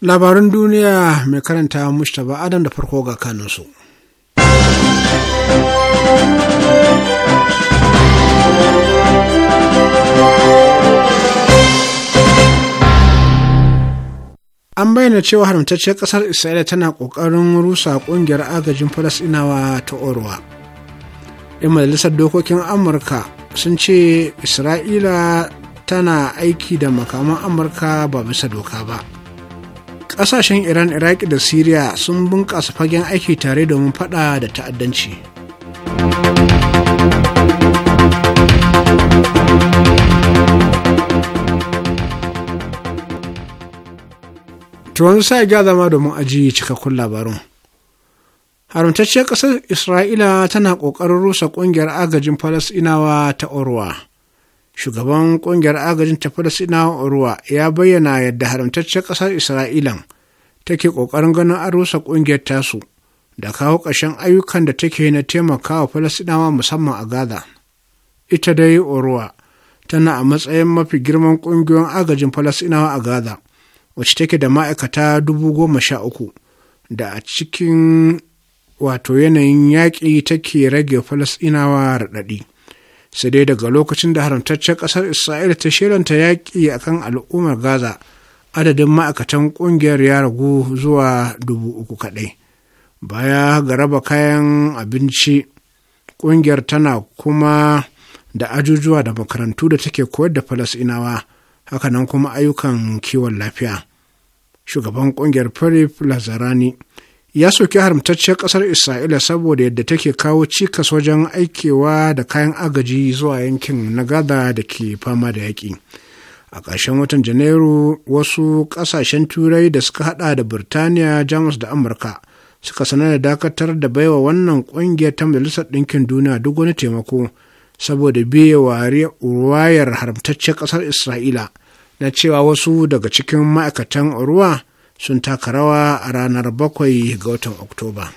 Labarin duniya mai karanta Mustapha adam da farko ga kanunsu an bayyana cewa haramtacciyar ƙasar isra'ila tana ƙoƙarin rusa ƙungiyar agajin falasinawa ta orwa 'yan majalisar dokokin amurka sun ce isra'ila tana aiki da makaman amurka ba bisa doka ba ƙasashen iran iraki da syria sun bunƙasa fagen aiki tare domin faɗa da ta'addanci tuwon sa ya zama domin aji cikakkun labarun haramtacciyar ƙasar isra'ila tana ƙoƙarin rusa ƙungiyar agajin falasɗinawa ta orwa shugaban kungiyar agajin ta falasinawa ruwa ya bayyana yadda haramtaccen ƙasar isra'ilan take ƙoƙarin ganin an rusa ƙungiyar tasu da kawo ƙarshen ayyukan da take na taimakawa falasinawa musamman a gaza ita dai Ruwa tana a matsayin mafi girman ƙungiyoyin agajin falasinawa a gaza wacce take da ma'aikata dubu goma sha uku da a cikin wato yanayin yaƙi take rage falasinawa raɗaɗi sai dai daga lokacin da haramtaccen ƙasar isra'ila ta shirinta yaƙi a kan al'ummar gaza adadin ma'aikatan ƙungiyar ya ragu zuwa dubu uku kaɗai baya ga raba kayan abinci ƙungiyar tana kuma da ajujuwa da makarantu da take koyar da falasinawa hakanan kuma ayyukan kiwon lafiya shugaban ƙungiyar philip lazarani ya soki haramtacciyar ƙasar isra'ila saboda yadda take kawo cikas wajen aikewa da kayan agaji zuwa yankin na gaza da ke fama da yaƙi a ƙarshen watan janairu wasu ƙasashen turai da suka hada da birtaniya jamus da amurka suka sanar da dakatar da baiwa wannan ƙungiyar ta majalisar ɗinkin duniya duk wani taimako saboda biye ruwayar haramtacciyar ƙasar isra'ila na cewa wasu daga cikin ma'aikatan ruwa sun taka rawa a ranar bakwai ga watan oktoba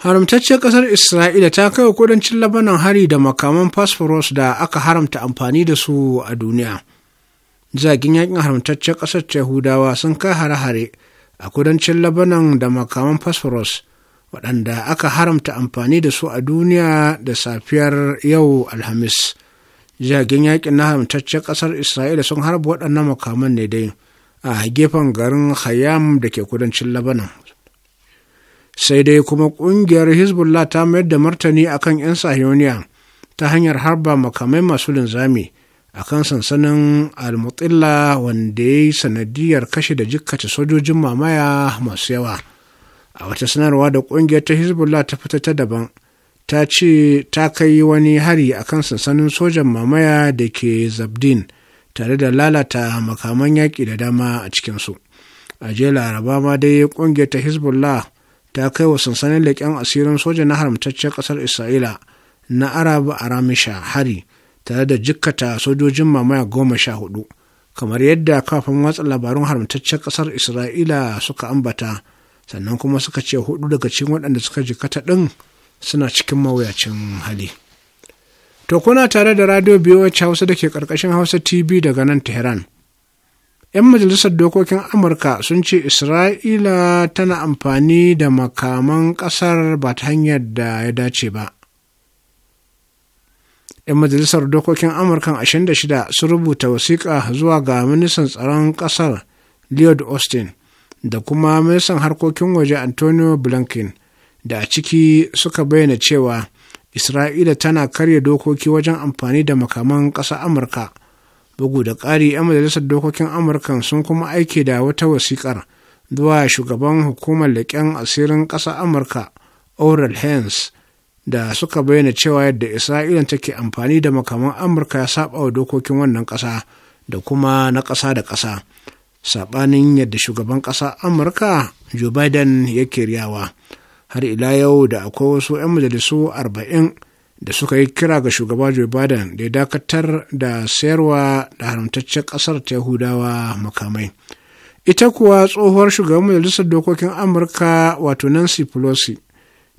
haramtacciyar ƙasar isra'ila ta kai wa kudancin labanan hari da makaman phosphorus da aka haramta amfani da su a duniya zagin yakin haramtacciyar kasar yahudawa sun kai hare-hare a kudancin labanan da makaman phosphorus waɗanda aka haramta amfani da su a duniya da safiyar yau alhamis jiragen yakin na haramtacciyar ƙasar isra'ila sun harba waɗannan makaman ne dai a gefen garin hayam da ke kudancin labanan sai dai kuma ƙungiyar hezbollah ta mayar da martani akan 'yan sahiyoniya ta hanyar harba makamai masu linzami a kan sansanin almutsilla wanda ya yi sanadiyar kashe da jikkata sojojin mamaya masu yawa a wata sanarwa da ƙungiyar ta hezbollah ta fita ta daban ta ce ta kai wani hari a kan sansanin sojan mamaya da ke zabdin tare da lalata makaman yaƙi da dama a cikinsu a jiya laraba ma dai ƙungiyar ta hezbollah ta kai wa sansanin leƙen asirin soja na haramtaccen ƙasar isra'ila na arab aramisha hari tare da jikkata sojojin mamaya goma sha hudu kamar yadda kafin watsa labarun haramtaccen ƙasar isra'ila suka ambata sannan kuma suka ce hudu daga cikin waɗanda suka jikata ɗin suna cikin mawuyacin hali. To kuna tare da radio BOH Hausa da ke ƙarƙashin Hausa TV daga nan Tehran. 'Yan majalisar dokokin Amurka sun ce Isra'ila tana amfani da makaman ƙasar ba ta hanyar da ya dace ba. 'Yan majalisar dokokin Amurkan 26 sun rubuta wasiƙa zuwa ga ministan tsaron ƙasar Lloyd Austin da kuma ministan harkokin waje Antonio Blinken da a ciki suka bayyana cewa isra'ila tana karya dokoki wajen amfani da makaman ƙasa amurka bugu da ƙari 'yan majalisar dokokin amurka sun kuma aiki da wata wasiƙar zuwa shugaban hukumar leƙen asirin ƙasa amurka oral hens da suka bayyana cewa yadda isra'ila take amfani da makaman amurka ya saba wa dokokin wannan ƙasa da kuma na ƙasa da ƙasa saɓanin yadda shugaban ƙasa amurka joe biden yake riyawa. har ila yau da akwai wasu 'yan majalisu arba'in da suka yi kira ga shugaba Joe Biden da ya dakatar da sayarwa da haramtaccen ƙasar ta Yahudawa makamai. Ita kuwa tsohuwar shugaban majalisar dokokin Amurka wato Nancy Pelosi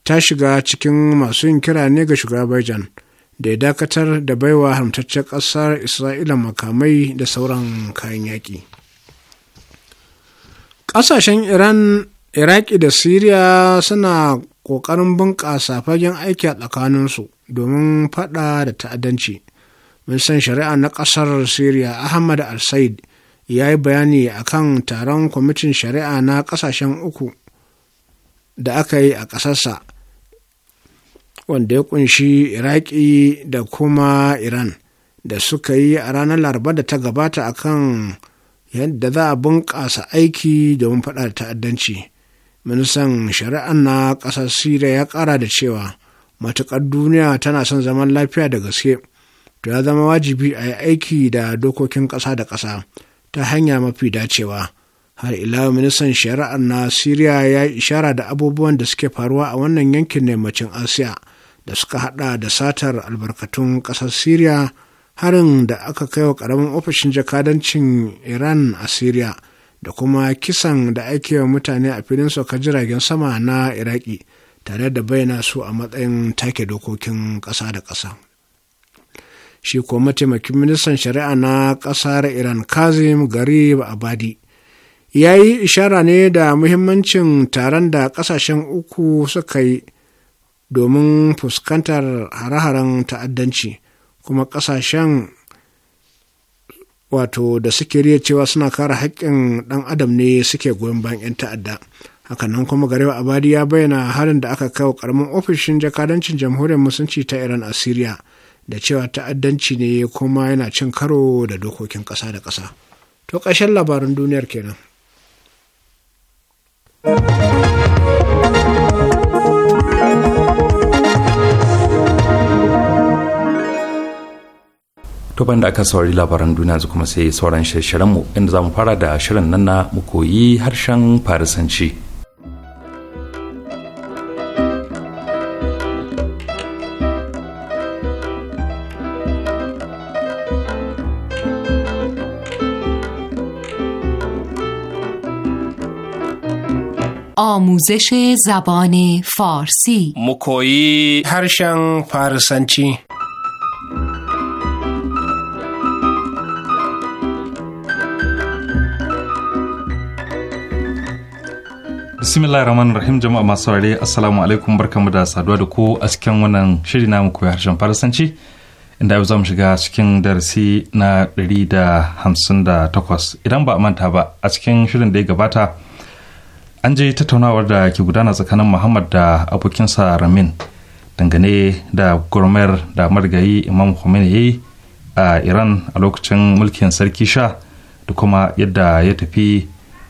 ta shiga cikin masu yin kira ne ga shugaba Biden da ya dakatar da baiwa haramtaccen ƙasar Isra'ila makamai da sauran kayan yaƙi. Ƙasashen Iran iraki da siriya suna ƙoƙarin bunƙasa fagen aiki a tsakaninsu domin faɗa da ta'addanci ministan shari'a na ƙasar siriya ahmad al-said ya yi bayani a kan taron kwamitin shari'a na ƙasashen uku da aka yi a ƙasarsa wanda ya kunshi iraki da kuma iran da suka yi a ranar laraba da ta gabata akan yadda za a bunƙasa aiki domin faɗa da ta'addanci ministan shari'ar na ƙasar siriya ya ƙara da cewa matuƙar duniya tana son zaman lafiya da gaske to ya zama wajibi a yi aiki da dokokin ƙasa da ƙasa ta hanya mafi dacewa har ila ministan shari'ar na siriya ya ishara da abubuwan da suke faruwa a wannan yankin nemacin asiya da suka haɗa da satar albarkatun ƙasar siriya harin da aka kai wa ƙaramin ofishin jakadancin iran a siriya da kuma kisan da ake wa mutane a filin sauka jiragen sama na iraki tare da bayyana su a matsayin take dokokin ƙasa da ƙasa shi ko mataimakin ministan shari'a na ƙasar iran kazim garib abadi ya yi ishara ne da muhimmancin taron da ƙasashen uku suka yi domin fuskantar hare-haren ta'addanci kuma ƙasashen wato da suke riya cewa suna kare haƙƙin ɗan adam ne suke goyon bayan 'yan ta'adda hakanan kuma garewa abadi ya bayyana halin da aka kawo karamin ofishin jakadancin jamhuriyar musulunci ta iran a syria da cewa ta'addanci ne kuma yana cin karo da dokokin ƙasa da ƙasa to ƙarshen labarin duniyar kenan to bayan da aka saurari labaran duniya yanzu kuma sai sauran shirin mu inda zamu fara da shirin nan na mu koyi harshen farisanci آموزش زبان فارسی مکویی هرشن فارسنچی bismillah rahman rahim jama'a masu saurare assalamu alaikum barkamu da saduwa da ku a cikin wannan shiri na muku harshen farasanci inda yau za mu shiga cikin darasi na 158 idan ba a manta ba a cikin shirin da ya gabata an je tattaunawar da ke gudana tsakanin muhammad da abokinsa ramin dangane da gurmar da margayi imam khomeini ya yi a iran a lokacin mulkin sarki sha da kuma yadda ya tafi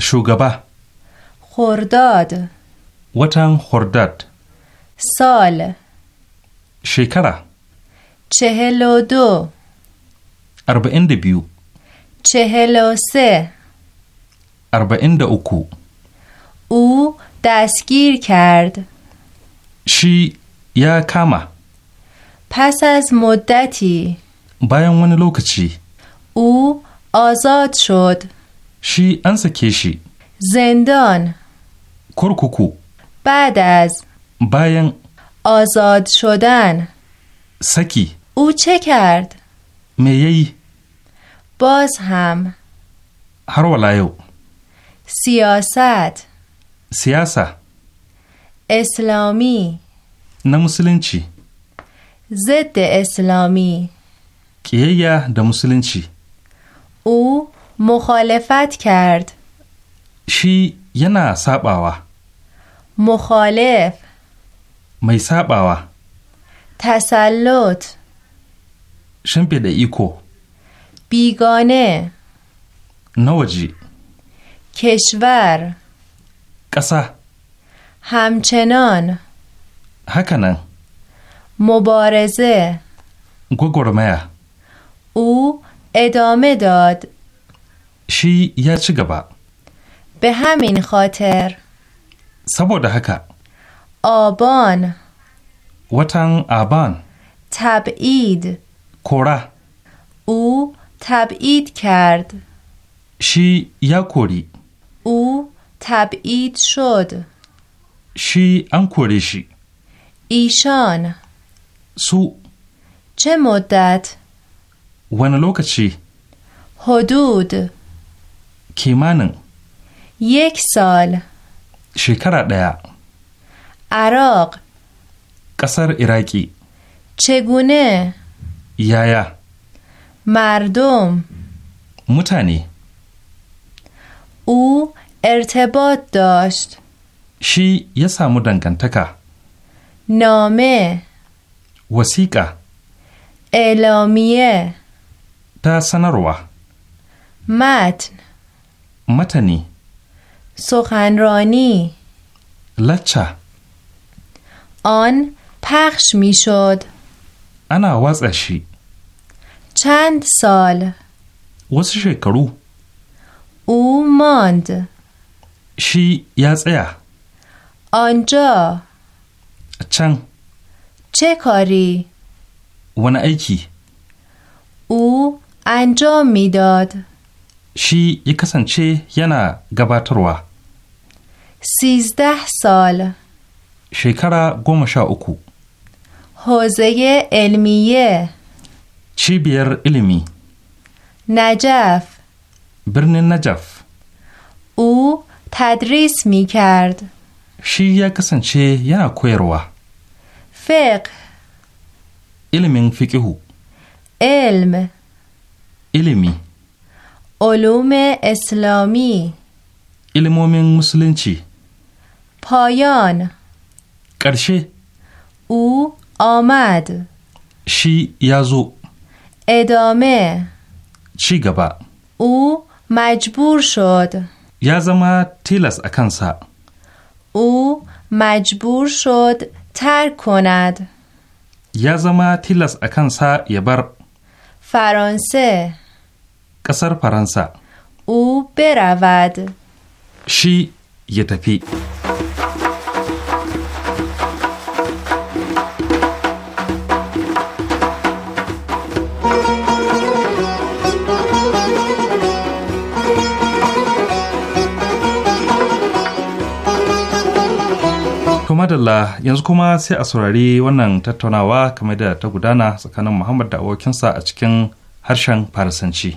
shugaba Hordad. watan Hordad. sol shekara cehelo arba'in da biyu cehelo se arba'in da uku u dasgir kard shi ya kama fasas az bayan wani lokaci u azad shod. Shi an sake shi. Zendon. Kurkuku. Badaz. Bayan. Azad shodan. Saki. Ucekad. kard. Me yayi? Baz ham. Har yau. Siyasat. Siyasa. Islami. Na musulunci. Zidda Islami. Ƙiyayya da musulunci. U. مخالفت کرد شی ینا ساباو مخالف می ساباوا تسلط ایکو بیگانه نوجی کشور قصه همچنان هکنن مبارزه گوگرمه او ادامه داد shi ya ci gaba. Behamin, hamin khater. Saboda haka. Oban. Watan Aban. Tab'id. Kora. U tab'id kard. Shi ya kori. U tab'id shod. Shi an kore shi. Ishan. Su. Ce muddat? Wani lokaci. Hudud. kimanin yake shekara ɗaya arok ƙasar iraki cegune yaya mardom mutane u ertebot dasht shi ya samu dangantaka Nome. wasiƙa elamiye ta sanarwa Mat! متنی سخنرانی لچه آن پخش میشد. شد انا وزشی چند سال وزش کرو او ماند شی یزعه آنجا چن چه کاری؟ ونه ایکی او انجام میداد. شی یا کسانچه ینا گباتروا سیزده سال شکر گم اکو حوزه علمیه چی بیر علمی نجف برن نجف او تدریس می کرد شی یا کسانچه ینا کویروا فقه علم فقهو علم علمی علوم اسلامی مسلم چی؟ پایان قرشه او آمد شی یازو ادامه چی گبا او مجبور شد یا تیلس اکنسا او مجبور شد ترک کند یا زما تیلس اکنسا یبر فرانسه ƙasar faransa U shi ya ya tafi. madalla yanzu kuma sai a saurari wannan tattaunawa kamar da ta gudana tsakanin Muhammad da abokinsa a cikin harshen Farisanci.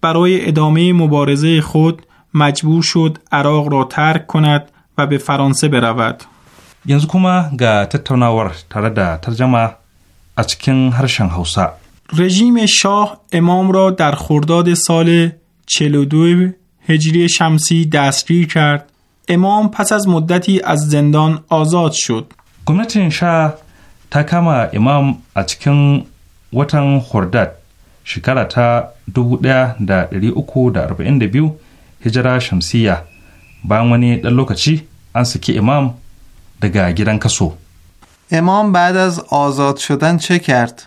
برای ادامه مبارزه خود مجبور شد عراق را ترک کند و به فرانسه برود. yanzu kuma گا تتوناور tare ترجمه رژیم شاه امام را در خرداد سال 42 هجری شمسی دستگیر کرد. امام پس از مدتی از زندان آزاد شد. gwamnatin این شاه kama امام a وطن شکراتا دوده در ری اوکو در روی اندبیو هجره شمسیه با امانی دلوکچی انسکی امام دگه گیرن کسو امام بعد از آزاد شدن چه کرد؟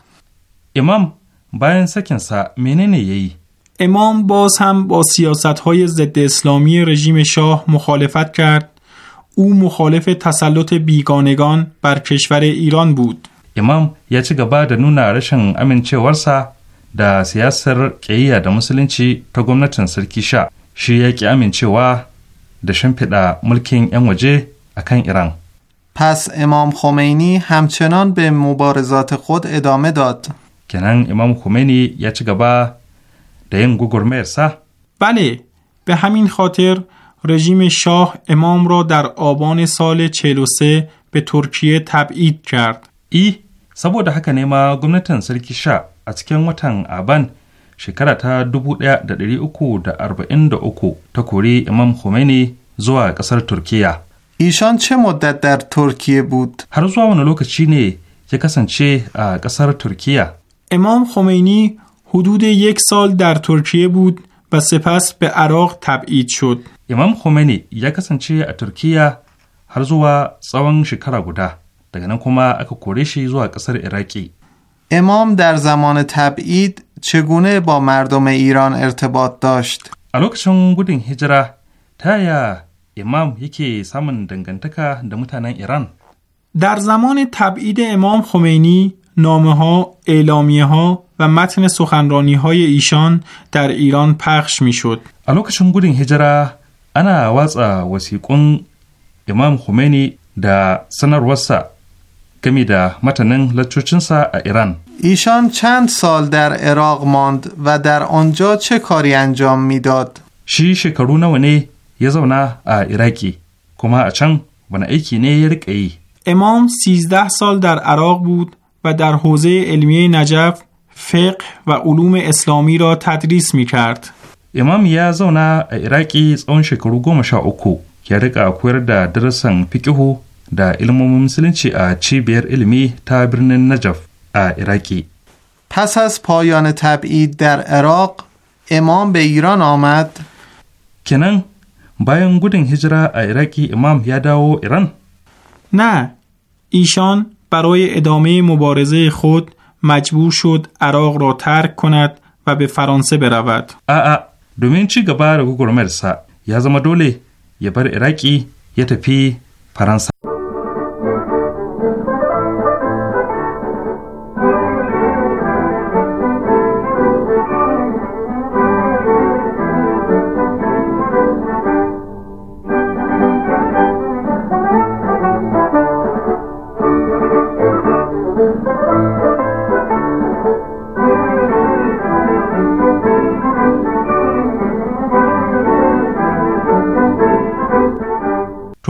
امام باید سکن س مینه نیهی امام باز هم با سیاست های ضد اسلامی رژیم شاه مخالفت کرد او مخالف تسلط بیگانگان بر کشور ایران بود امام یچگه بعد نو نرشن امن چه ورسه؟ da siyasar ƙiyayya da musulunci ta gwamnatin sarki sha shi ya amincewa da shimfiɗa mulkin 'yan waje a پس امام خمینی همچنان به مبارزات خود ادامه داد. کنن امام خمینی یا چه گبا این گوگر بله به همین خاطر رژیم شاه امام را در آبان سال 43 به ترکیه تبعید کرد. ای saboda haka ne ma gwamnatin sarki sha a cikin watan aban shekara ta 1343 ta kori imam khomeini zuwa ƙasar turkiya Ishan ce modadar turkiya ترکیه har zuwa wani lokaci ne ya kasance a ƙasar Turkiya. imam خمینی حدود یک سال در ترکیه بود و سپس به عراق تبعید شد. امام خمینی ya kasance a Turkiya har zuwa tsawon shekara guda. daga nan kuma aka kore shi zuwa ƙasar Iraki. امام در زمان تبعید چگونه با مردم ایران ارتباط داشت؟ الوکشن گودین هجرا تایا امام یکی سامن دنگنتکا در ایران در زمان تبعید امام خمینی نامه ها، ها و متن سخنرانی های ایشان در ایران پخش می شد الوکشن گودین هجرا انا واسا وسیقون امام خمینی در سنر وسا گمی ده متنن لچوچنسا ایران ایشان چند سال در عراق ماند و در آنجا چه کاری انجام میداد؟ شی شکرونه و نه یزونه ایراکی کما اچن و نه ایکی نه ای امام سیزده سال در عراق بود و در حوزه علمیه نجف فقه و علوم اسلامی را تدریس می کرد. امام یزونه زونه ایراکی اون شکرو گم شا اکو که رقا اکویر در درسن پیکهو da ilmomin musulunci a cibiyar ilimi ta birnin najaf a پس از پایان تبعید در عراق امام به ایران آمد کنن بایان گودن هجرا عراقی امام یاداو ایران نه ایشان برای ادامه مبارزه خود مجبور شد عراق را ترک کند و به فرانسه برود آ دومین چی گبار گوگرمرسا یا زما دوله یه بر عراقی یه تپی فرانسه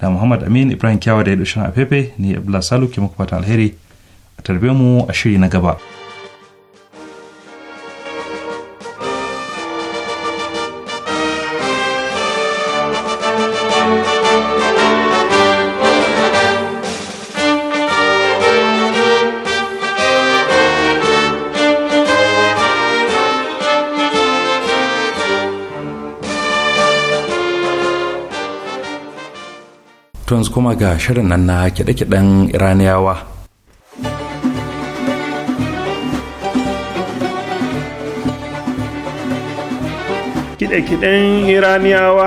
da muhammad amin ibrahim kyawa da ya dushin a fefe ni abdullahi salu ke muku fata alheri a tarbe mu a shiri na gaba. to kuma ga shirin nan na kiɗe-kiɗen iraniyawa kiɗe-kiɗen iraniyawa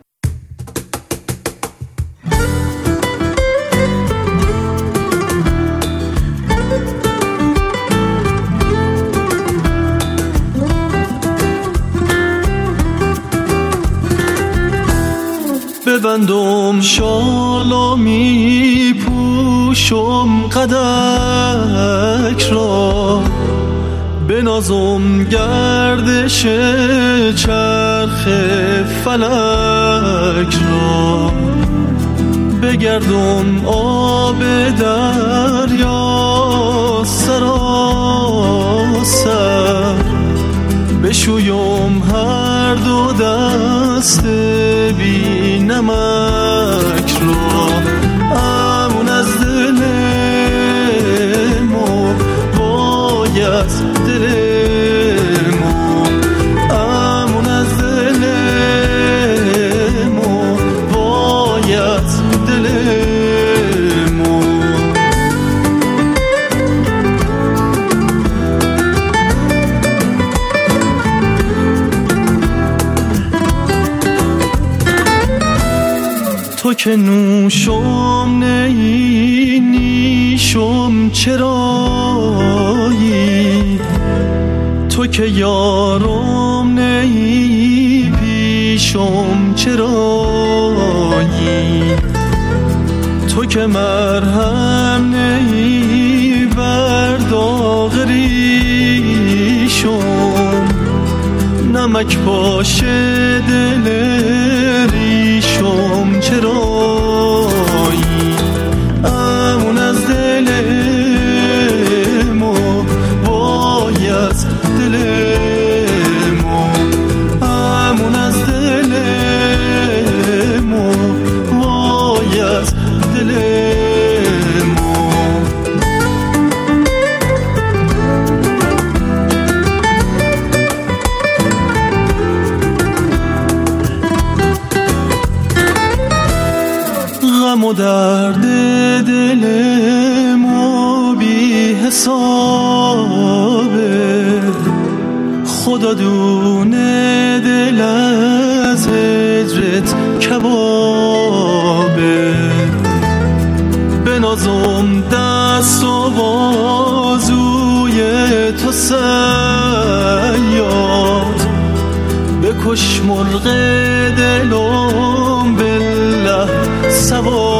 میبندم شالا پوشم قدک را به نازم گردش چرخ فلک را بگردم آب دریا سراسر بشویم هر دو دست بینمت که نوشم نی نیشم چرایی تو که یارم نی پیشم چرایی تو که مرهم نی بر ریشم نمک باشه دل ریشم چرا خوش مرغ دلم بالله سوار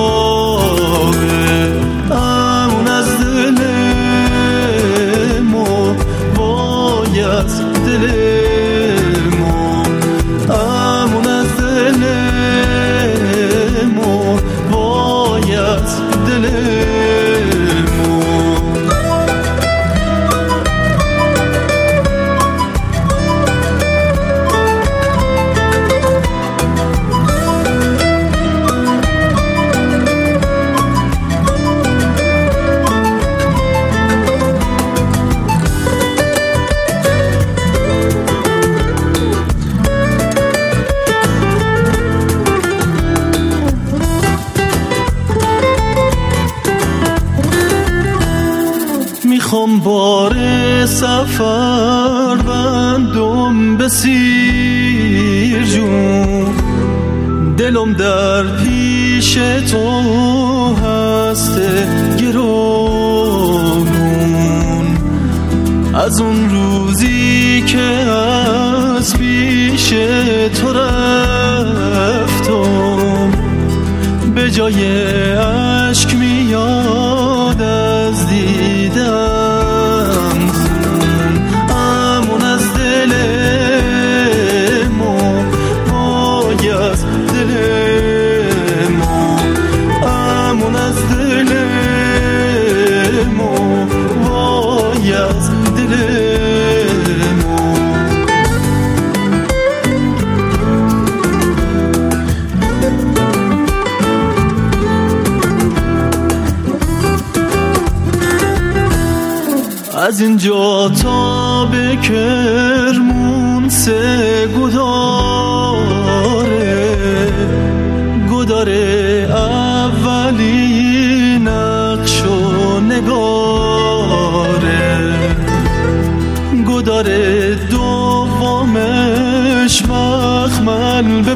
سفر بندم به جون دلم در پیش تو هست گرونون از اون روزی که از پیش تو رفتم به جای کرمون سه گداره گداره اولی نقش و نگاره گداره دومش مخمل به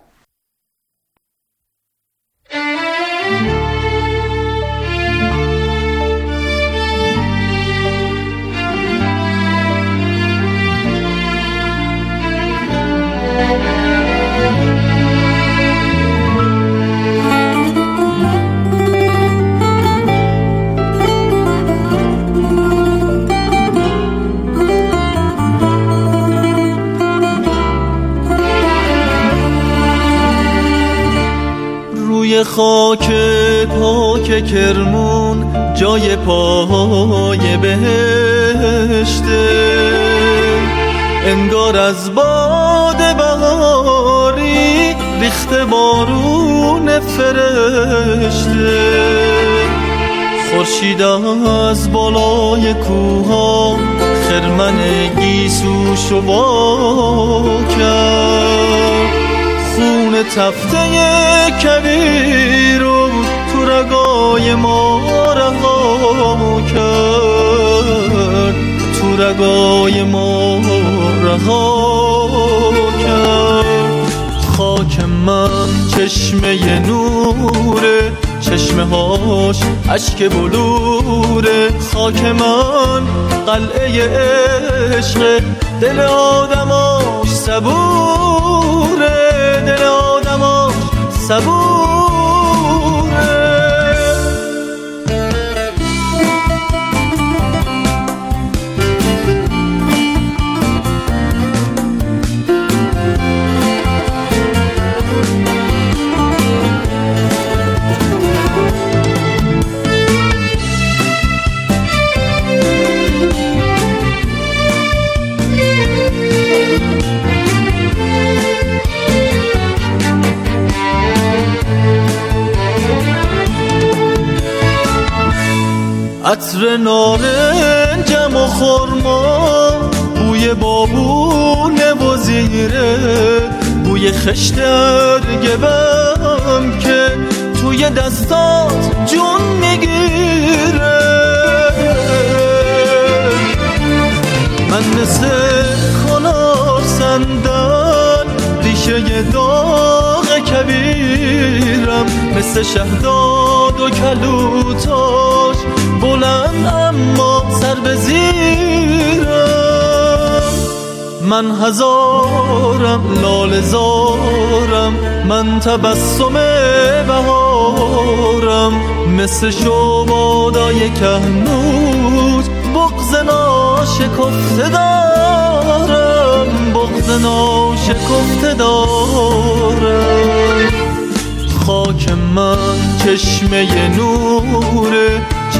خاک پاک کرمون جای پاهای بهشته انگار از باد بهاری ریخته بارون فرشته خورشید از بالای کوها خرمن گیسو با کرد خون تفته کبیرو تو رگای ما رهامو کرد تو رگای ما رها کرد خاک من چشمه نوره چشمه هاش عشق بلوره خاک من قلعه عشق دل آدماش صبوره دل آدماش صبور عطر نارنجم و خورما بوی بابون و زیره بوی خشت بم که توی دستات جون میگیره من مثل کنار سندن ریشه داغ کبیرم مثل شهداد و کلوتان بلند اما سر به زیرم من هزارم لال زارم من تبسم بهارم مثل شبادای کهنوت بغز ناشکفته دارم بغز ناشکفته دارم خاک من چشمه نوره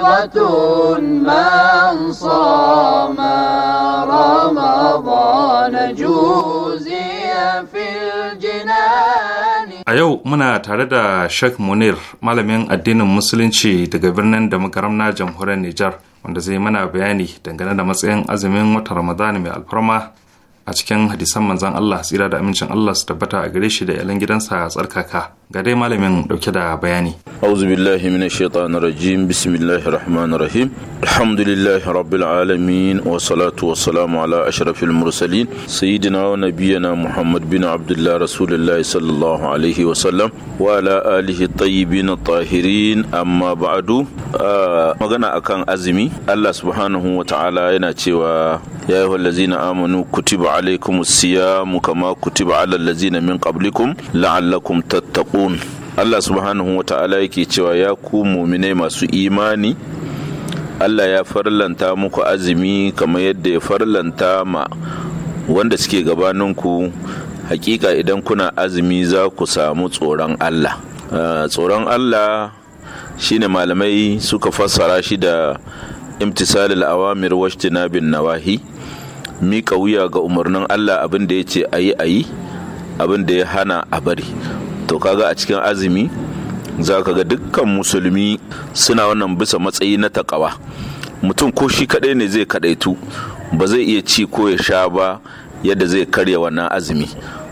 موعظة من صام رمضان في الجنان A yau muna tare da Sheikh Munir, malamin addinin Musulunci daga birnin da na jamhuriyar Nijar, wanda zai mana bayani dangane da matsayin azumin wata Ramadan mai alfarma a cikin hadisan manzan Allah tsira da amincin Allah su tabbata a gare shi da yalan gidansa tsarkaka. Ga dai malamin dauke da bayani. أعوذ بالله من الشيطان الرجيم بسم الله الرحمن الرحيم الحمد لله رب العالمين والصلاة والسلام على أشرف المرسلين سيدنا ونبينا محمد بن عبد الله رسول الله صلى الله عليه وسلم وعلى آله الطيبين الطاهرين أما بعد magana akan azumi Allah subhanahu wa ta'ala yana cewa ya yi wallazina amanu kutiba alaikum siyamu kama kutiba alal lazina min qablikum la'allakum tattaqun Allah subhanahu wa ta'ala yake cewa ya ku muminai masu imani Allah ya farlanta muku azumi kamar yadda ya farlanta ma wanda suke gabaninku hakika idan kuna azumi za ku samu tsoron Allah ah, tsoron Allah shine malamai suka fassara shi da imtisalil awamir washtina bin nawahi mika wuya ga umarnin Allah abin da ya ce a yi abin da ya hana a bari to kaga a cikin azumi za ka ga dukkan musulmi suna wannan bisa matsayi na takawa mutum ko shi kadai ne zai kadaitu ba zai iya ci ko ya sha ba yadda zai karya wannan azumi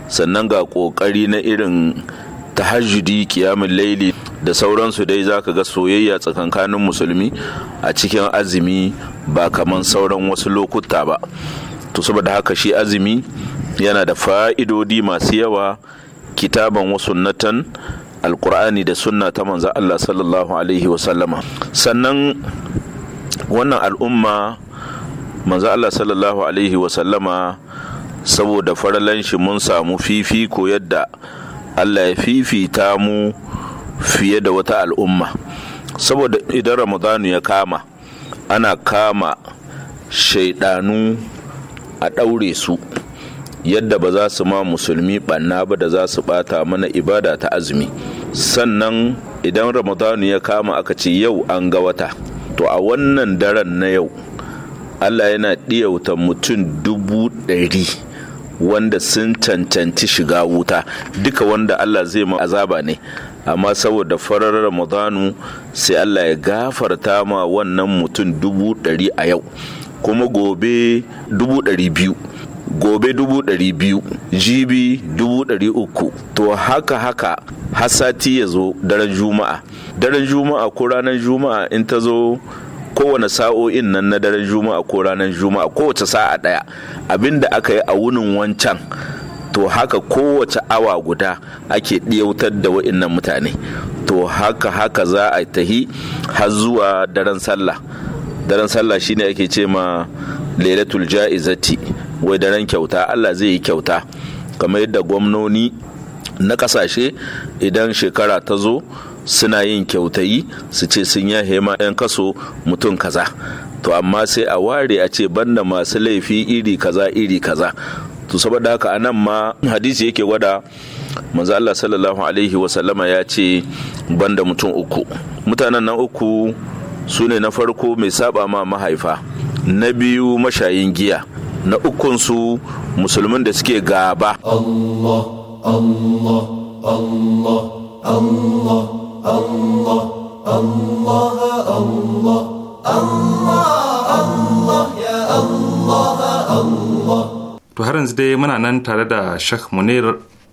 sannan ga kokari na irin tahajjudi kiyamin laili da sauransu dai za ka ga soyayya tsakankanin musulmi a cikin azumi ba kamar sauran wasu lokuta ba to saboda haka shi azumi yana da fa'idodi masu yawa kitaban wa sunnatan alkur'ani da sunna ta manzan Allah sallallahu alaihi wasallama sannan wannan al'umma manzan Allah sallallahu alaihi wasallama saboda faralan shi mun samu fifiko yadda Allah ya fifita mu fiye da wata al'umma saboda idan ramadanu ya kama ana kama shaidanu a ɗaure su yadda ba za su ma musulmi banna ba da za su bata mana ibada ta azumi sannan idan ramadanu ya kama aka ce yau an ga wata to a wannan daren na yau allah yana ɗiyauta mutum dubu ɗari wanda sun cancanci shiga wuta duka wanda allah zai ma azaba ne amma saboda farar ramadanu sai allah ya gafarta ma wannan mutum dubu ɗari a yau kuma gobe dubu ɗari biyu gobe dubu dari biyu jibi dubu dari uku to haka haka hasati ya zo daren juma'a daren juma'a ko ranar juma'a in ta zo kowane sa'o'in nan na daren juma'a ko ranar juma'a kowace sa'a ɗaya abinda aka yi a wunin wancan to haka kowace awa guda ake ɗiyautar da wa'innan mutane to haka haka za a tahi har zuwa daren sallah daren sallah shine ake ce ma lailatul ja'izati wai daren kyauta Allah zai yi kyauta kamar yadda gwamnoni na kasashe idan shekara ta zo suna yin kyautayi su ce sun yi hema 'yan kaso mutum kaza to amma sai a ware a ce banda masu laifi iri kaza iri kaza to saboda haka anan ma hadisi yake gwada manzo Allah sallallahu alaihi wasallama ya ce banda mutum uku mutanen nan uku su ne na farko mai saba ma mahaifa na biyu mashayin giya na ukunsu musulmin da suke gaba Allah Allah Allah Allah Allah Allah Allah Allah Allah ya Allah Allah to har yanzu dai muna nan tare da Sheikh Munir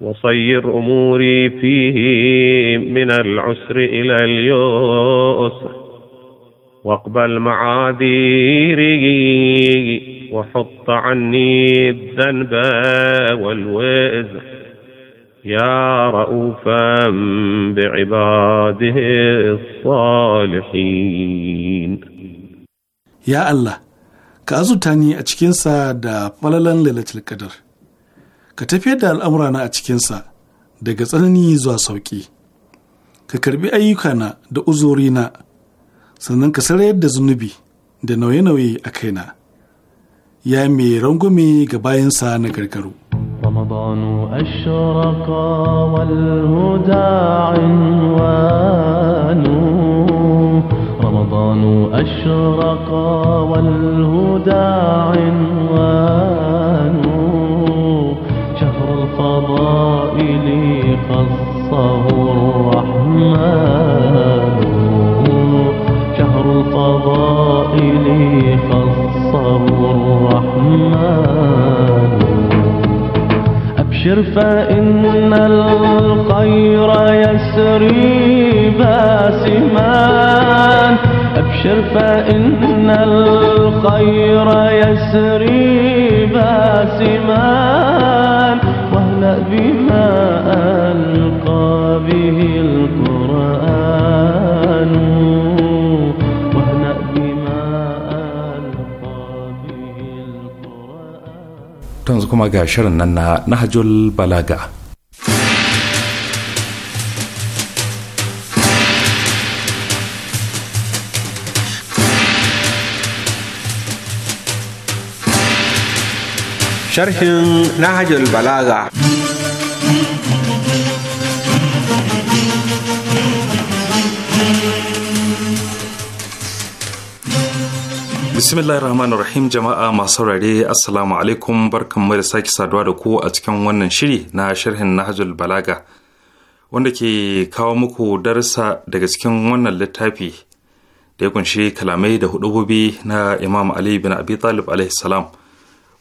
وصير أموري فيه من العسر إلى اليسر واقبل معاذيري وحط عني الذنب والوزر يا رؤوفا بعباده الصالحين يا الله كأزو تاني أتشكين a cikinsa ليلة القدر ka tafiyar da na a cikinsa daga tsanani zuwa sauƙi ka karbi ayyukana da uzurina sannan ka sarayar da zunubi da nauye-nauye a kaina ya mai rangume ga bayansa na gargaro رمضان أشرق والهدى عنوان رمضان أشرق الرحمن شهر خصه الرحمن أبشر فإن الخير يسري باسمان أبشر فإن الخير يسري باسمان يملأ بما ألقى به القرآن واهنأ بما ألقى به القرآن تنزكم أجاشر أن نهج البلاغة sharhin nahajul balaga bismillahir rahmanir rahim jama'a masu saurare assalamu alaikum barkanmu da sake saduwa da ku a cikin wannan shiri na sharhin nahajul balaga wanda ke kawo muku darsa daga cikin wannan littafi da ya kunshi kalamai da hudububi na imam ali bin abi talib alaihi salam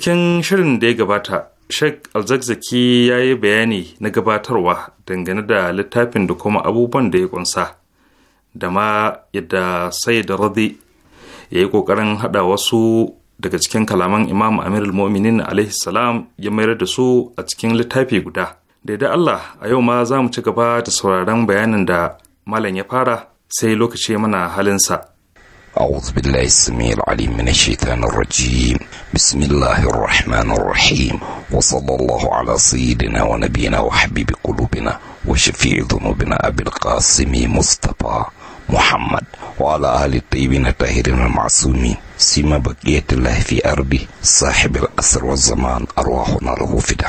cikin shirin da ya gabata sheikh alzakzaki ya yi bayani na gabatarwa dangane da littafin da kuma abubuwan da ya kunsa da ma yadda sai da radi ya yi ƙoƙarin haɗa wasu daga cikin kalaman imam amir al-mominin alaihi salam ya mayar da su a cikin littafi guda da da allah a yau ma za mu ci gaba da sauraron bayanin da malam ya fara sai lokaci mana halinsa أعوذ بالله السميع العليم من الشيطان الرجيم بسم الله الرحمن الرحيم وصلى الله على سيدنا ونبينا وحبيب قلوبنا وشفيع ذنوبنا أبي القاسم مصطفى محمد وعلى آل الطيبين الطاهرين المعصومين سيما بقية الله في أربي صاحب الأسر والزمان أرواحنا له فدا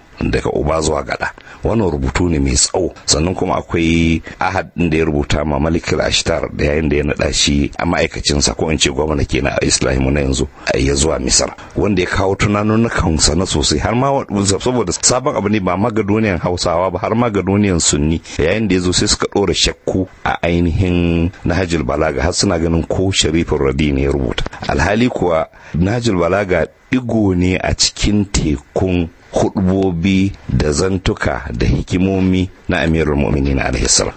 daga uba zuwa gada wannan rubutu ne mai tsawo sannan kuma akwai ahad din da ya rubuta ma malik ashtar da yayin da ya naɗa shi a ma'aikacinsa ko in ce gwamna na a islahimu na yanzu a iya zuwa misar wanda ya kawo na sa na sosai har ma saboda sabon abu ne ba magadoniyan hausawa ba har magadoniyan sunni yayin da ya zo sai suka ɗora shakku a ainihin nahajul balaga har suna ganin ko sharifin radi ne ya rubuta alhali kuwa nahajul balaga igo ne a cikin tekun hudubobi da zantuka da hikimomi na amirul mu'minin alaihi salam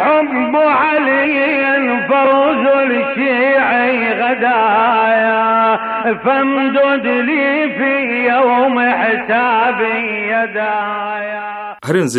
حب علي فوز الشيعي غدايا فامدد لي في يوم حسابي يدايا har yanzu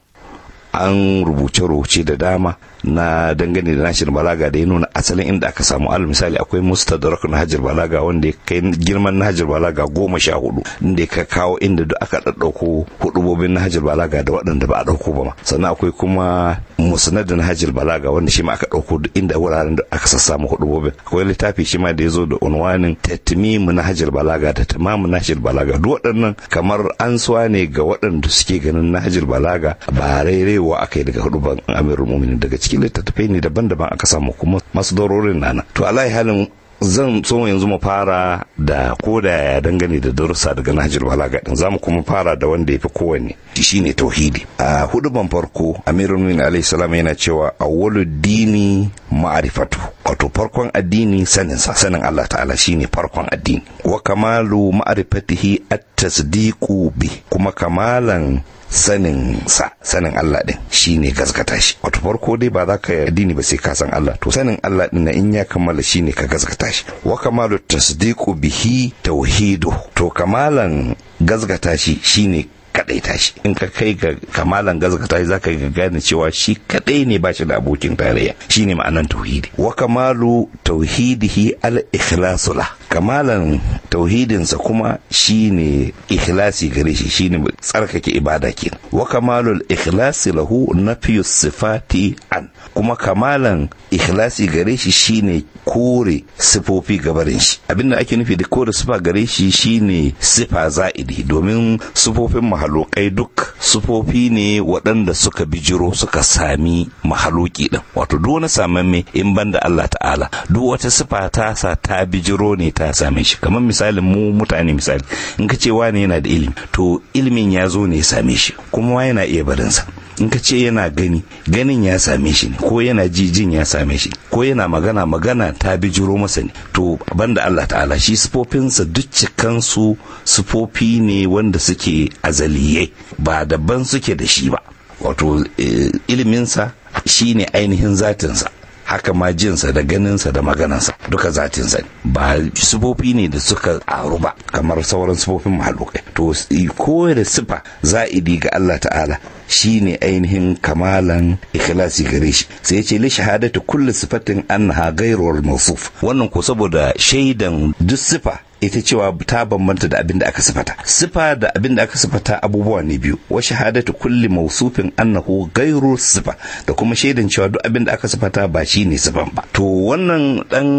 an rubuce rubuce da dama na dangane da nashir balaga da ya nuna asalin inda aka samu al misali akwai musta da na hajjar balaga wanda ya kai girman na hajjar balaga goma sha hudu inda ka kawo inda duk aka ɗaɗɗauko hudubobin na hajjar balaga da waɗanda ba a ɗauko ba ma sannan akwai kuma musnad na hajjar balaga wanda shi ma aka ɗauko duk inda wuraren da aka sassamu hudubobin akwai littafi shi ma da ya zo da unwanin tatmimu na hajjar balaga da tamamu na hajjar balaga duk waɗannan kamar an suwa ne ga waɗanda suke ganin na hajjar balaga ba rairai cirewa aka yi daga huduban amirul muminin daga cikin littattafai ne daban-daban aka samu kuma masu na nana to alai halin zan so yanzu mu fara da koda ya dangane da darussa daga nahjul balaga din zamu kuma fara da wanda yafi kowanne shine tauhidi a huduban farko amirul mu'minin alaihi salam yana cewa awwalu dini ma'rifatu wato farkon addini sanin sa sanin Allah ta'ala shine farkon addini wa kamalu ma'rifatihi at-tasdiqu bi kuma kamalan sanin sa sanin Allah din shine gaskata shi wato farko dai ba za ka yi addini ba sai ka san Allah to sanin Allah din na in ya kammala shine ka gaskata shi wa kamalu tasdiqu bihi tauhidu to kamalan gaskata shi shine kadai tashi in ka kai ga kamalan gazgata za ka ga gane cewa shi kadai ne ba shi da abokin tarayya shine ma'anan tauhidi wa kamalu tauhidihi al ikhlasu kamalan tauhidinsa kuma shine ikhlasi gare shi shine tsarkake ibada ke wa kamalul ikhlasi lahu nafiyu sifati an kuma kamalan ikhlasi gare shi shine kore sifofi gabarin shi abinda ake nufi da kore sifa gare shi shine sifa za'idi domin sifofin mahalokai duk sifofi ne waɗanda suka bijiro suka sami mahaluki. din wato duk wani samamme in banda Allah ta'ala duk wata sifa ta sa ta bijiro ne ta same shi kamar misalin mu mutane misali in ka ce wani yana da ilimi to ilimin ya zo ne ya same shi kuma wa yana iya barinsa in ka ce yana gani ganin ya same shi ne ko yana jijin ya same shi ko yana magana magana ta bijiro masa ne to banda Allah ta'ala shi sufofinsa duk cikan su sufofi ne wanda suke azaliye ba daban suke da shi ba wato eh, iliminsa shine ainihin zatinsa haka ma jinsa da ganinsa da maganansa duka zatin ne ba sifofi ne da suka aru ba kamar sauran sifofin mahalukai to za sifa za'idi ga Allah ta'ala shine ainihin kamalan ikhlasi gare shi sai ya ce li shahadatu kulli sifatin annaha ghayrul mawsuf wannan ko saboda shaidan duk sifa ita cewa ta bambanta da abin da aka sifata sifa da abin da aka sifata abubuwa ne biyu wa shahadatu kulli mawsufin annahu ghairu sifa da kuma shaidan cewa duk abin da aka sifata ba shi ne sifan ba to wannan dan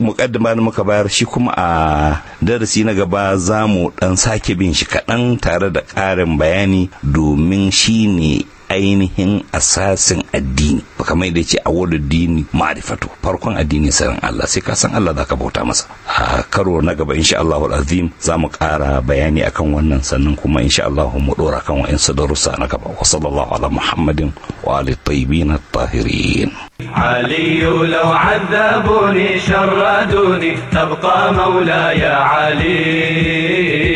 mukaddama da muka bayar shi kuma a darasi na gaba za mu dan sake bin shi kadan tare da karin bayani domin shine ainihin asasin addini kamar da ce a wadda dini ma'arifato farkon addini sanin Allah sai ka san Allah za ka bauta masa a karo na gaba insha Allah azim za mu kara bayani akan wannan sannan kuma insha Allah mu dora kan wa'insu darussa na gaba wa sallallahu ala muhammadin wa ali tayyibin tahirin علي لو عذبوني شردوني تبقى مولاي علي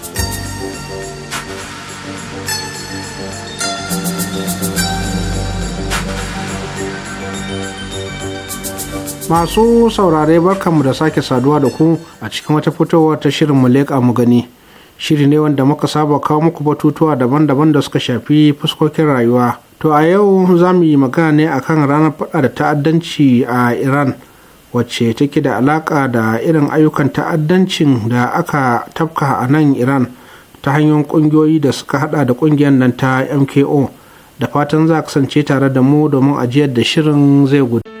masu saurare barkanmu da sake saduwa da ku a cikin wata fitowar ta shirin mu a mu gani shiri ne wanda muka saba kawo muku batutuwa daban-daban da suka shafi fuskokin rayuwa to a yau za mu yi magana ne akan ranar fada da ta'addanci a iran wacce take da alaka da irin ayyukan ta'addancin da aka tafka a nan iran ta hanyoyin ƙungiyoyi da suka hada da kungiyar nan ta mko da fatan za kasance tare da mu domin ajiyar da shirin zai gudu.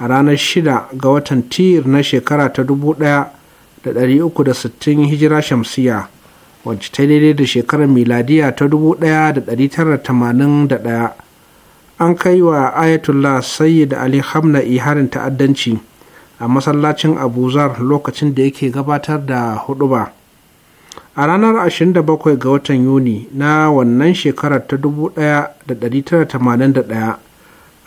a ranar shida ga watan tir na shekara ta 1360 hijira shamsiya wacce ta daidai da shekarar miladiya ta 1981 an kai wa ayatollah sayyid ali hamna'i iharin ta'addanci a masallacin abuzar lokacin da yake gabatar da huduba a ranar 27 ga watan yuni na wannan shekarar ta 1981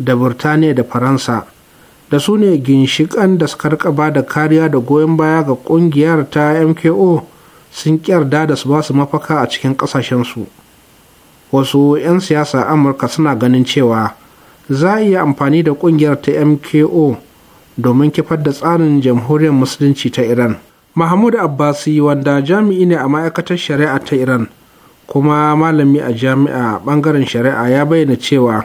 da burtaniya da faransa da su ne ginshikan da suka ba da kariya da goyon baya ga kungiyar ta mko sun kyarda da su ba su mafaka a cikin kasashensu wasu 'yan siyasa amurka suna ganin cewa za a iya amfani da kungiyar ta mko domin kifar da tsarin jamhuriyar musulunci ta iran mahmud abbasi wanda jami'i ne a ma'aikatar shari'a ta iran kuma malami a jami'a bangaren shari'a ya bayyana cewa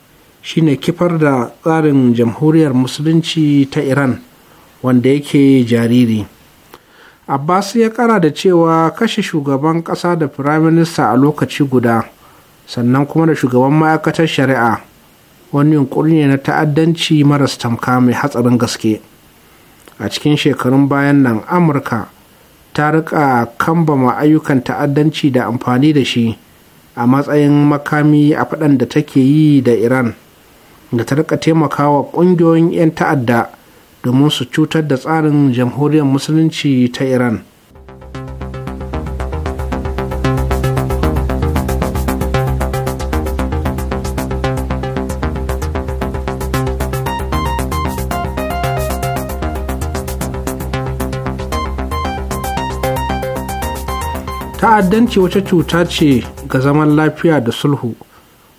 shine kifar da tsarin jamhuriyar musulunci ta iran wanda yake jariri abbas ya kara da cewa kashe shugaban kasa da firaminista a lokaci guda sannan kuma da shugaban ma'aikatar shari'a wani yunkuri ne na ta'addanci maras tamka mai hatsarin gaske a cikin shekarun bayan nan amurka ta rika kambama ayyukan ta'addanci da amfani da shi a matsayin makami a faɗan da take yi da iran da ta rika taimakawa ƙungiyoyin 'yan ta'adda domin su cutar da tsarin jamhuriyar musulunci ta iran ta'addanci wata cuta ce ga zaman lafiya da sulhu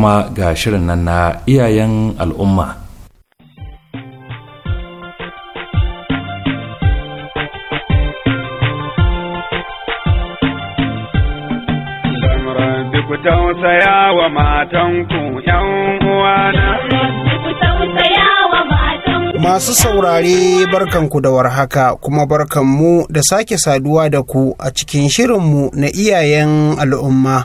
kuma ga shirin nan na iyayen al'umma tausaya wa matanku Masu saurare barkanku da warhaka kuma barkanmu da sake saduwa da ku a cikin shirinmu na iyayen al'umma.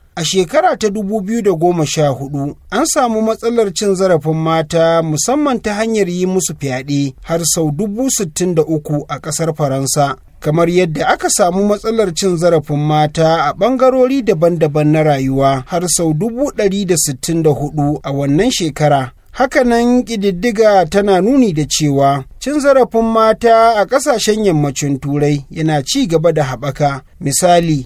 A shekara ta 2014 an samu matsalar cin zarafin mata musamman ta hanyar yi musu fyaɗe har sau dubu sittin da uku a ƙasar Faransa. Kamar yadda aka samu matsalar cin zarafin mata a ɓangarori daban-daban na rayuwa har sau dubu ɗari da da sittin 164 a wannan shekara. Hakanan ƙididdiga tana nuni da cewa cin zarafin mata a ƙasashen yammacin turai yana ci gaba da haɓaka. Misali,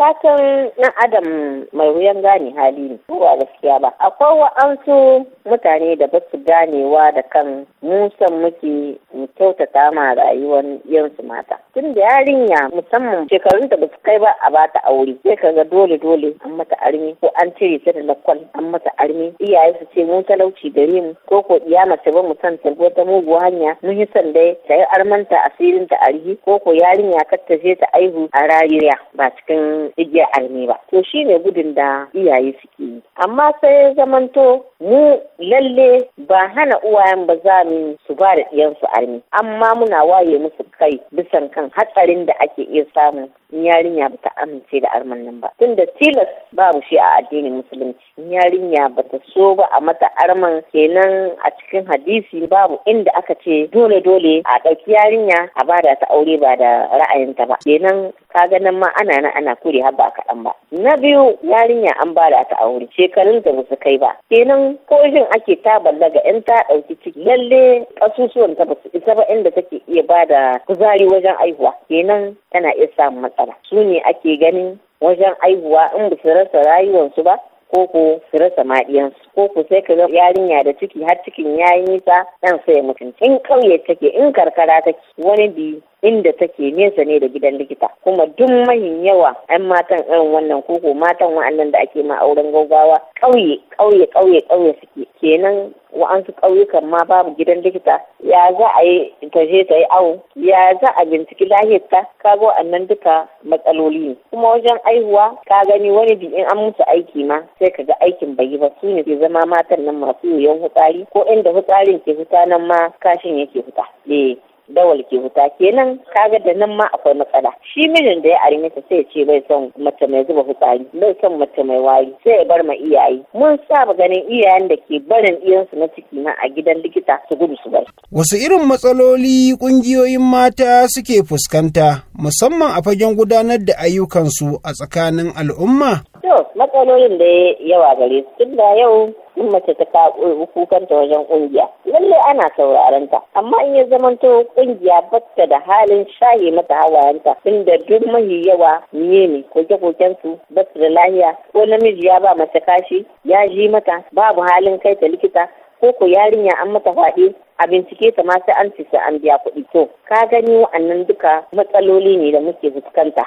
fatan na adam mai wuyan gane hali ne kowa gaskiya ba akwai wa'ansu mutane da basu ganewa da kan musan muke mu kyautata ma rayuwar yansu mata tun da yarinya musamman shekarun da ba su kai ba a ba ta aure sai ga dole dole an mata armi ko an cire ta da lakwal an mata armi iyaye su ce mun talauci gare mu ko ko iya mace ba mu san ta ta mugu hanya mun yi dai. ta yi armanta asirin ta arhi ko ko yarinya kar ta je ta aihu a rariya ba cikin igiyar alme ba to shine gudun da iyaye suke yi amma sai zamanto mu lalle ba hana uwayen ba za mu su ba da ɗiyansu armi amma muna waye musu kai bisan kan hatsarin da ake iya samu yarinya ba ta amince da arman nan ba tunda tilas babu shi a addinin musulunci yarinya ba ta so ba a mata arman kenan a cikin hadisi babu inda aka ce dole dole a ɗauki yarinya a bada ta aure ba da ra'ayinta ba kenan ka ganin ma ana nan ana kure har ba kaɗan ba na biyu yarinya an bada ta aure shekarun da ba su kai ba kenan ko jin ake ta ballaga in ta dauki ciki lalle asusuwan ta basu isa ba inda take iya ba da kuzari wajen aihuwa kenan tana iya samun matsala su ne ake ganin wajen aihuwa in ba su rasa rayuwansu ba ko ko su rasa maɗiyansu ko ko sai ka ga yarinya da ciki har cikin yayi nisa ɗan sai mutum in ƙauye take in karkara take wani bi inda take nesa ne da gidan likita kuma duk mahin yawa an matan irin wannan koko matan wa'annan da ake ma auren gaugawa ƙauye ƙauye ƙauye ƙauye suke kenan wa'ansu ƙauyukan ma babu gidan likita ya za a yi ta je ta yi awo ya za a binciki lahiyar ta kaga wa'annan duka matsaloli ne kuma wajen aihuwa ka gani wani bi in an musu aiki ma sai ka ga aikin bai yi ba su ne zama matan nan masu yoyon hutsari ko inda hutsarin ke fita nan ma kashin yake fita E! dawal ke wuta kenan kaga da nan ma akwai matsala shi mijin da ya arme ta sai ce bai son mace mai zuba fitsari bai son mace mai wari sai ya bar ma iyaye mun sa saba ganin iyayen da ke barin iyansu na ciki na a gidan likita su gudu su bai wasu irin matsaloli kungiyoyin mata suke fuskanta musamman a fagen gudanar da ayyukansu a tsakanin al'umma To, matsalolin da yawa gare su tun da yau sun mace ta ka kukanta wajen kungiya. Lalle ana sauraron ta, amma in ya zama zamanto kungiya bata da halin shaye mata hawayenta inda duk mahi yawa niye ne koke koken su bata da lahiya ko namiji ya ba mace kashi ya ji mata babu halin kai ta likita ko ko yarinya an mata faɗi a bincike ta ma sai an ci an biya kuɗi to ka gani wa'annan duka matsaloli ne da muke fuskanta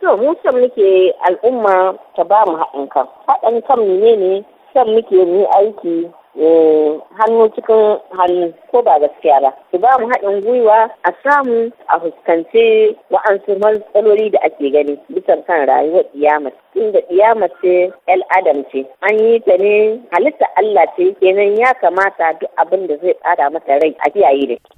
To mu san muke al'umma ta ba mu haɗin kan. Haɗin kan ne ne san muke mu aiki eh, hannu cikin hannu ko ba gaskiya ba. ki ba mu haɗin gwiwa a samu a fuskanci wa'ansu matsaloli da ake gani bisan kan rayuwar ƙiyamar. Inda ƙiyamar ce ‘yal Adam ce, an yi ta ne halitta Allah ce kenan ya kamata duk abin da zai ƙara mata rai a kiyaye da shi.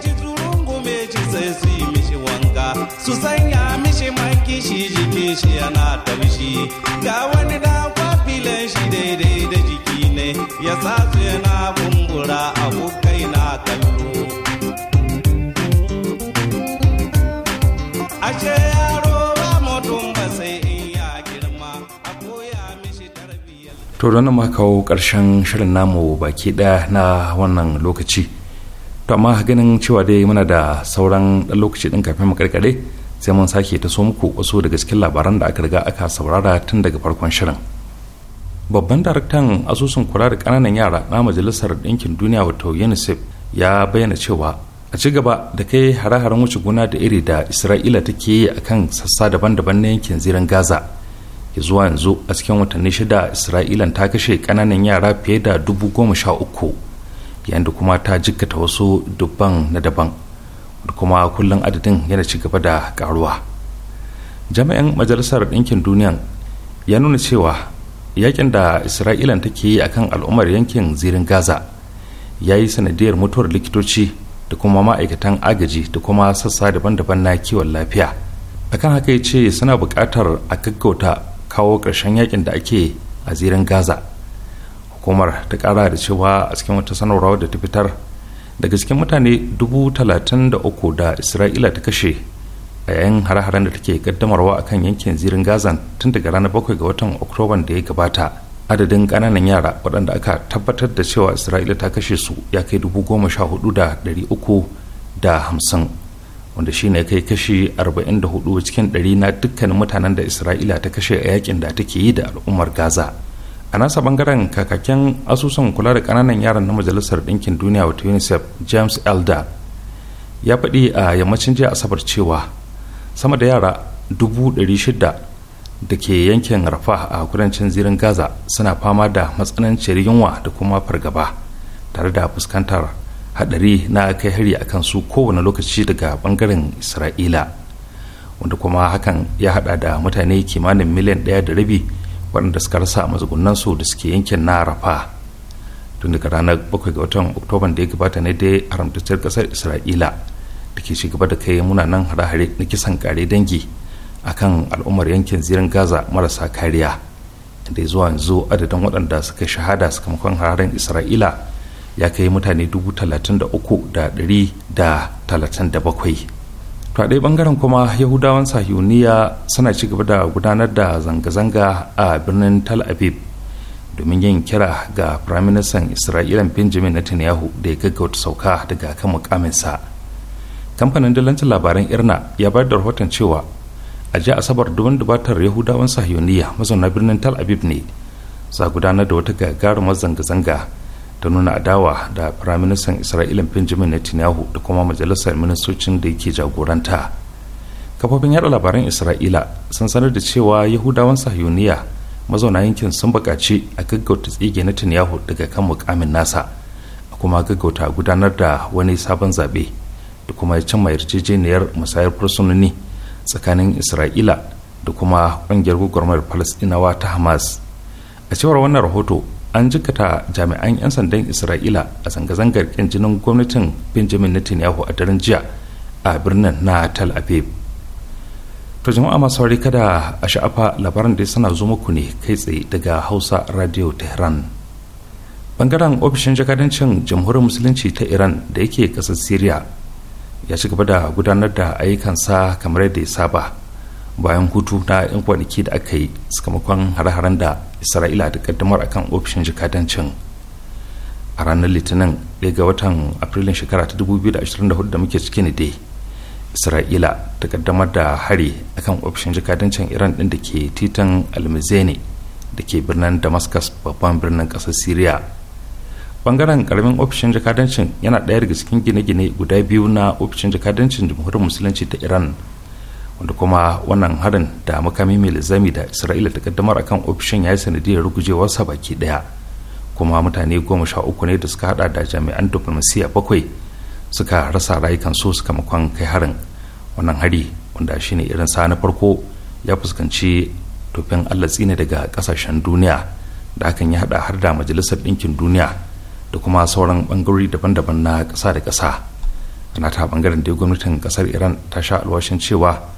su sanya mishi man kishi jike shi yana tarshi ga wani da kwafilan shi daidai da jiki ne ya sa su yana kumbura abokai na kallo ashe yaro ba mutum ba sai in ya girma a koya mishi tarbiyyar to don kawo karshen shirin namu baki daya na wannan lokaci to amma ganin cewa dai muna da sauran ɗan lokaci ɗin kafin mu karkare sai mun sake ta so muku wasu daga cikin labaran da aka riga aka saurara tun daga farkon shirin babban daraktan asusun kula da ƙananan yara na majalisar ɗinkin duniya wato unicef ya bayyana cewa a ci gaba da kai hare-haren wuce gona da iri da isra'ila take yi akan sassa daban-daban na yankin zirin gaza ya zuwa yanzu a cikin watanni shida isra'ilan ta kashe ƙananan yara fiye da dubu goma sha uku yayin kuma ta jikkata wasu dubban na daban kuma kullum adadin yana ci gaba da karuwa jami'an majalisar ɗinkin duniya ya nuna cewa yakin da isra'ilan take yi akan al'ummar yankin zirin gaza ya yi sanadiyar mutuwar likitoci da kuma ma'aikatan agaji da kuma sassa daban-daban na kiwon lafiya akan haka ya ce suna buƙatar a gaggauta kawo ƙarshen yakin da ake a zirin gaza hukumar ta kara da cewa a cikin wata sanarwa da ta fitar daga cikin mutane dubu talatin da uku da isra'ila ta kashe a yayin hare-haren da take kaddamarwa a kan yankin zirin gazan tun daga ranar bakwai ga watan oktoban da ya gabata adadin kananan yara waɗanda aka tabbatar da cewa isra'ila ta kashe su ya kai dubu goma sha hudu da ɗari uku da hamsin wanda shine kai kashi hudu cikin ɗari na dukkanin mutanen da isra'ila ta kashe a yakin da take yi da al'ummar gaza a nasa bangaren kakakken asusun kula da kananan yaran na majalisar ɗinkin duniya wato unicef james elder ya faɗi a yammacin jiya asabar cewa sama da yara dubu shida da ke yankin rafa a kudancin zirin gaza suna fama da matsananciyar yunwa da kuma fargaba tare da fuskantar hadari na kai hari a kansu su kowane lokaci daga bangaren isra'ila wanda kuma hakan ya hada da mutane kimanin miliyan ɗaya da rabi waɗanda suka rasa matsugunan su da suke yankin na rafa tun daga ranar 7 ga watan oktoban da ya gabata ne dai haramtacciyar kasar isra'ila da ke shigaba da kai munanan hare-hare na kisan kare dangi a kan al'ummar yankin zirin gaza marasa kariya da zuwa yanzu adadin waɗanda suka shahada sakamakon hararen isra'ila ya kai mutane dubu to a ɗaya ɓangaren kuma yahudawan sahiyuniya suna ci gaba da gudanar da zanga-zanga a birnin tal aviv domin yin kira ga firaministan isra'ilan benjamin netanyahu da ya gaggauta sauka daga kan mukaminsa kamfanin dalancin labaran irna ya bayar da rahoton cewa a jiya asabar domin dubatar yahudawan sahiyuniya mazauna birnin tel aviv ne za gudanar da wata gagarumar zanga-zanga da nuna adawa da firaministan isra'ilin benjamin netanyahu da kuma majalisar ministocin da yake jagoranta kafofin yada labaran isra'ila sun sanar da cewa yahudawan sahuniya mazauna yankin sun bukaci a gaggauta tsige netanyahu daga kan mukamin nasa a kuma gaggauta gudanar da wani sabon zaɓe da kuma cimma yarjejeniyar musayar fursunoni tsakanin isra'ila da kuma ƙungiyar gwagwarmar palestinawa ta hamas a cewar wannan rahoto an jikata jami'an 'yan sandan isra'ila a zanga-zangar yan jinin gwamnatin benjamin netanyahu a daren jiya a birnin na tel aviv to jama'a masu saurari kada a sha'afa labaran da suna zo muku ne kai tsaye daga hausa radio tehran bangaren ofishin jakadancin jamhuriyar musulunci ta iran da yake kasar syria ya ci gaba da gudanar da ayyukansa kamar yadda ya saba bayan hutu na 'yan kwanaki da aka yi sakamakon hare-haren da isra'ila da kaddamar akan ofishin jikadancin a ranar litinin ɗaya ga watan afrilun shekara ta 2024 da muke ciki ne dai isra'ila ta kaddamar da hari akan ofishin jikadancin iran ɗin da ke titan almazene da ke birnin damascus babban birnin ƙasar syria bangaren karamin ofishin jakadancin yana ɗaya daga cikin gine-gine guda biyu na ofishin jakadancin jamhuriyar musulunci ta iran wanda kuma wannan harin da makami mai lizami da isra'ila ta kaddamar akan ofishin ya yi sanadiyar rugujewarsa baki daya kuma mutane goma sha uku ne da suka hada da jami'an diplomasiya bakwai suka rasa rayukansu makon kai harin wannan hari wanda shine irin sa na farko ya fuskanci tofin allah tsini daga kasashen duniya da hakan ya hada har da majalisar ɗinkin duniya da kuma sauran bangarori daban-daban na ƙasa da ƙasa ana ta bangaren da gwamnatin ƙasar iran ta sha alwashin cewa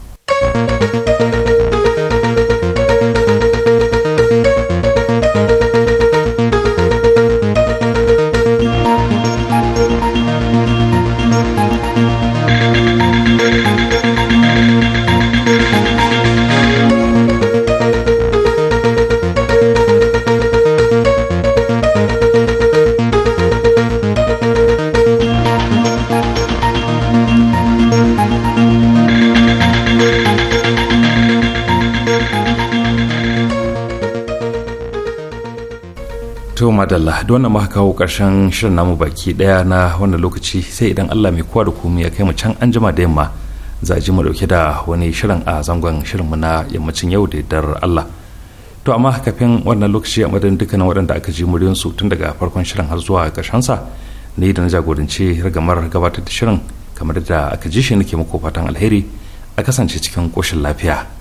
Música Allah da wannan muka kawo karshen shirin namu baki daya na wannan lokaci sai idan Allah mai kowa da komai ya kai mu can anjima da yamma za ji mu dauke da wani shirin a zangon shirin mu na yammacin yau da dar Allah to amma kafin wannan lokaci a madadin dukkanin waɗanda aka ji muryin su tun daga farkon shirin har zuwa karshen sa ne da na jagoranci ragamar gabatar da shirin kamar da aka ji shi nake muku fatan alheri a kasance cikin koshin lafiya